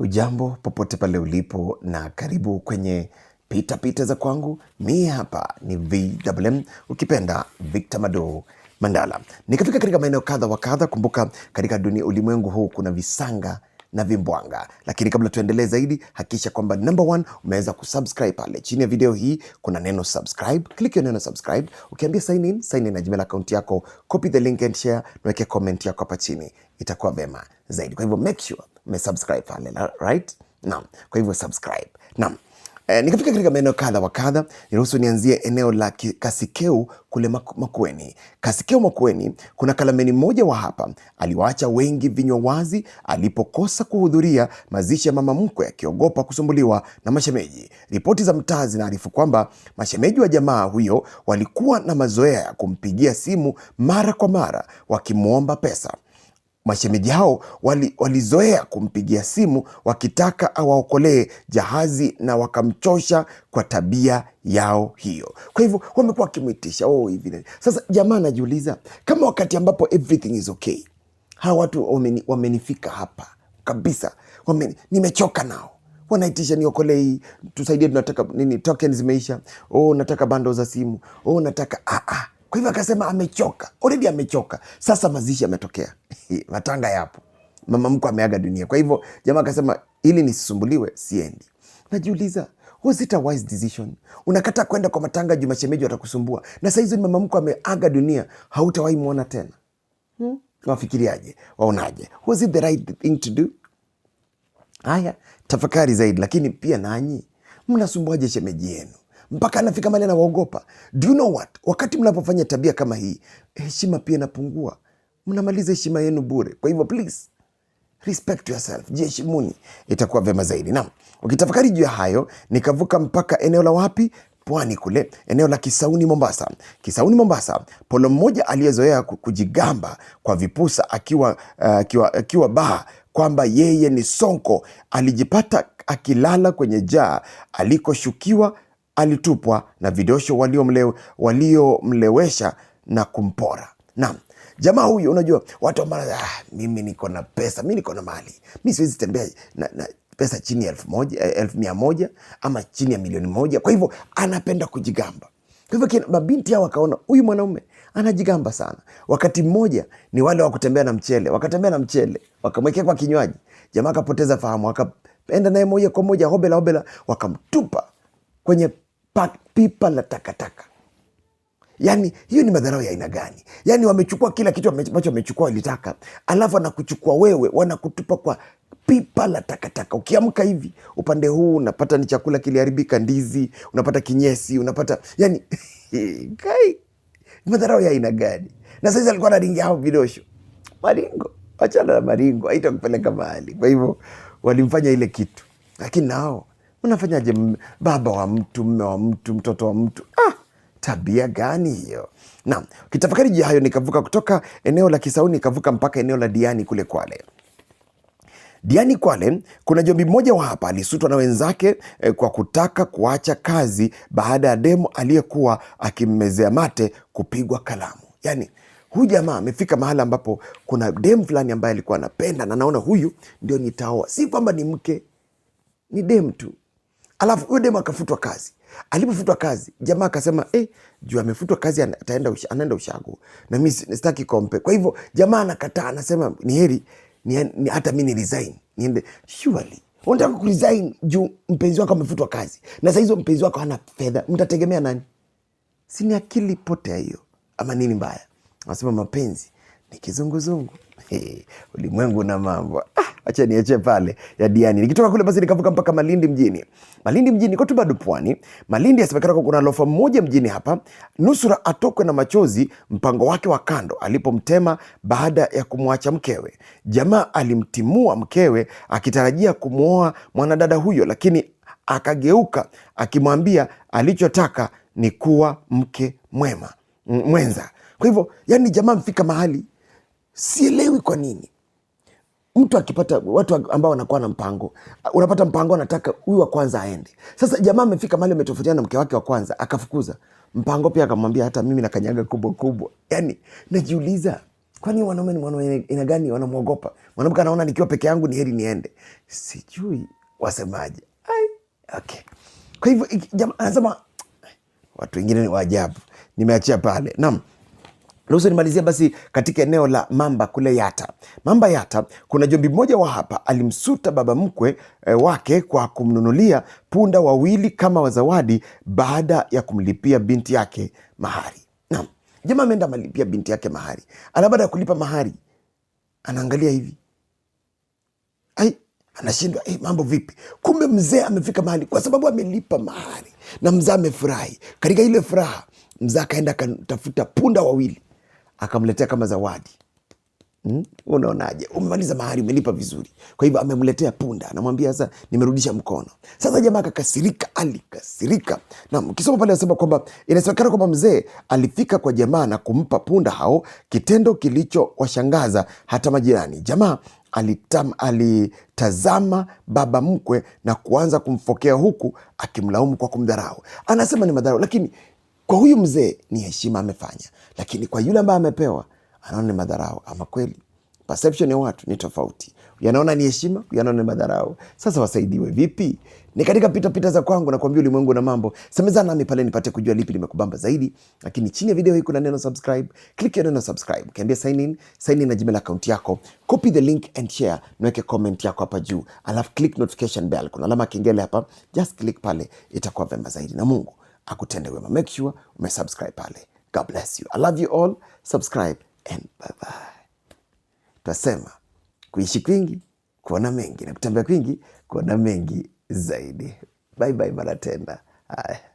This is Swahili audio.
ujambo popote pale ulipo na karibu kwenye pita pita za kwangu. Mi hapa ni VMM, ukipenda Victor Mado Mandala. Nikafika katika maeneo kadha wa kadha. Kumbuka, katika dunia ulimwengu huu kuna visanga na vimbwanga. Lakini kabla tuendelee zaidi, hakikisha kwamba number one umeweza kusubscribe pale chini ya video hii, kuna neno subscribe, click hiyo neno subscribe. Ukiambia sign in, sign in na Gmail account yako, copy the link and share, naweke comment yako hapa chini, itakuwa vema zaidi. Kwa hivyo make sure umesubscribe pale, right? Naam, kwa hivyo subscribe. Naam. E, nikafika katika maeneo kadha wa kadha. Niruhusu nianzie eneo la Kasikeu kule Makueni. Kasikeu Makueni, kuna kalameni mmoja wa hapa aliwaacha wengi vinywa wazi alipokosa kuhudhuria mazishi ya mama mkwe akiogopa kusumbuliwa na mashemeji. Ripoti za mtaa zinaarifu kwamba mashemeji wa jamaa huyo walikuwa na mazoea ya kumpigia simu mara kwa mara wakimwomba pesa. Mashemeji hao walizoea wali kumpigia simu wakitaka awaokolee jahazi na wakamchosha kwa tabia yao hiyo. Kwa hivyo wamekuwa wakimwitisha oh, hivi sasa. Jamaa anajiuliza kama wakati ambapo everything is okay, hawa watu wameni, wamenifika hapa kabisa wameni, nimechoka nao wanaitisha niokolei, tusaidie, tunataka nini, zimeisha, oh, nataka bando za simu, oh, nataka ah, ah. Kwa hivyo akasema amechoka, already amechoka. Sasa mazishi yametokea, matanga yapo, mama mkwe ameaga dunia. Kwa hivyo jamaa akasema ili nisisumbuliwe, siendi. Najiuliza, was it a wise decision? Unakata kwenda kwa matanga juu mashemeji watakusumbua, na saa hizo ni mama mkwe ameaga dunia, hautawahi mwona tena hmm? Wafikiriaje? Waonaje? was it the right thing to do? Haya, tafakari zaidi, lakini pia nanyi mnasumbuaje shemeji yenu? mpaka anafika mali anawaogopa. Do you know what? Wakati mnapofanya tabia kama hii, heshima pia inapungua, mnamaliza heshima yenu bure. Kwa hivyo please respect yourself, jiheshimuni, itakuwa vyema zaidi. na ukitafakari juu ya hayo, nikavuka mpaka eneo la wapi pwani kule eneo la Kisauni Mombasa. Kisauni Mombasa, polo mmoja aliyezoea kujigamba kwa vipusa akiwa, uh, akiwa, akiwa baa kwamba yeye ni sonko alijipata akilala kwenye jaa alikoshukiwa alitupwa na vidosho waliomlewesha walio na kumpora. Naam, jamaa huyu, unajua watu ambao ah, mimi niko na pesa, mi niko na mali, mi siwezi tembea na, na pesa chini ya elfu eh, elfu mia moja ama chini ya milioni moja. Kwa hivyo anapenda kujigamba. Kwa hivyo mabinti hao wakaona huyu mwanaume anajigamba sana. Wakati mmoja ni wale wa kutembea na mchele, wakatembea na mchele wakamwekea kwa kinywaji, jamaa akapoteza fahamu, wakaenda naye moja kwa moja hobela hobela, wakamtupa kwenye pipa la takataka. Yani hiyo ni madharau ya aina gani? Yani wamechukua kila kitu ambacho wamechukua walitaka, alafu wanakuchukua wewe, wanakutupa kwa pipa la takataka. Ukiamka hivi upande huu unapata ni chakula kiliharibika, ndizi unapata kinyesi, unapata yani kai madharau ya aina gani? Na saizi alikuwa anaringia hao vidosho maringo, wachana na maringo, haitakupeleka mahali. Kwa hivyo walimfanya ile kitu, lakini nao Unafanyaje baba wa mtu, mme wa mtu, mtoto wa mtu? Ah, tabia gani hiyo? Na kitafakari juu hayo nikavuka kutoka eneo la Kisauni nikavuka mpaka eneo la Diani kule Kwale. Diani Kwale kuna jombi mmoja wa hapa alisutwa na wenzake eh, kwa kutaka kuacha kazi baada ya demo aliyekuwa akimmezea mate kupigwa kalamu. Yani huyu jamaa amefika mahala ambapo kuna demu fulani ambaye alikuwa anapenda na naona huyu ndio nitaoa, si kwamba ni mke, ni demu tu. Alafu huyo demu akafutwa kazi. Alipofutwa kazi, jamaa akasema eh, juu amefutwa kazi ataenda usha, anaenda ushago na mi sitaki kompe. Kwa hivyo jamaa anakataa, anasema ni heri ni, ni, hata mi ni resign niende. Surely unataka ku juu mpenzi wako amefutwa kazi, na sasa hizo mpenzi wako hana fedha, mtategemea nani? Si ni akili potea hiyo ama nini mbaya? Anasema mapenzi ni kizunguzungu. Hey, ulimwengu na mambo ah, acha niache pale ya Diani. Nikitoka kule basi nikavuka mpaka Malindi mjini. Malindi mjini iko tu bado pwani. Malindi yasemekana kuna lofa mmoja mjini hapa, nusura atokwe na machozi mpango wake wa kando alipomtema baada ya kumwacha mkewe. Jamaa alimtimua mkewe akitarajia kumwoa mwanadada huyo, lakini akageuka akimwambia alichotaka ni kuwa mke mwema mwenza. Kwa hivyo, yani jamaa mfika mahali Sielewi kwa nini mtu akipata watu ambao wanakuwa na mpango, unapata mpango, anataka huyu wa kwanza aende. Sasa jamaa amefika mali ametofautiana na mke wake wa kwanza, akafukuza mpango pia, akamwambia hata mimi nakanyaga kubwa kubwa. Yani najiuliza kwani wanaume ni mwanaume ina gani wanamwogopa mwanamke? Anaona nikiwa peke yangu ni heri niende, sijui wasemaje. Okay. Kwa hivyo jamaa anasema watu wengine ni waajabu, nimeachia pale. Naam. Ruhusu nimalizia basi katika eneo la Mamba kule Yata. Mamba Yata, kuna jombi mmoja wa hapa alimsuta baba mkwe e, wake kwa kumnunulia punda wawili kama wazawadi baada ya kumlipia binti yake mahari. Naam, jamaa ameenda amelipia binti yake mahari, ana baada ya kulipa mahari anaangalia hivi, ai, anashindwa hey, eh, mambo vipi? Kumbe mzee amefika mahali kwa sababu amelipa mahari na mzee amefurahi. Katika ile furaha, mzee akaenda akatafuta punda wawili akamletea kama zawadi hmm? Unaonaje? Umemaliza mahari, umelipa vizuri, kwa hivyo amemletea punda, anamwambia sasa nimerudisha mkono. Sasa jamaa akakasirika, alikasirika. Na ukisoma pale anasema kwamba inasemekana kwamba mzee alifika kwa jamaa na kumpa punda hao, kitendo kilichowashangaza hata majirani. Jamaa Alitam, alitazama baba mkwe na kuanza kumfokea huku akimlaumu kwa kumdharau. Anasema ni madharau, lakini kwa huyu mzee ni heshima amefanya, lakini kwa yule ambaye amepewa anaona ni madharau. Ama kweli perception ya watu ni tofauti, yanaona ni heshima, yanaona ni madharau. Sasa wasaidiwe vipi? Ni katika pita pita za kwangu, nakwambia ulimwengu na mambo. Semezana nami pale nipate kujua lipi limekubamba zaidi, lakini chini ya video hii kuna neno subscribe. Click ya neno subscribe, kiambia sign in, sign in na Gmail account yako, copy the link and share, niweke comment yako hapa juu, alafu click notification bell. Kuna alama kengele hapa, just click pale, itakuwa vema zaidi na Mungu akutende wema. Make sure umesubscribe pale. God bless you. I love you all. Subscribe and bye bye. Twasema kuishi kwingi kuona mengi na kutembea kwingi kuona mengi zaidi. Bye bye mara tena. Haya.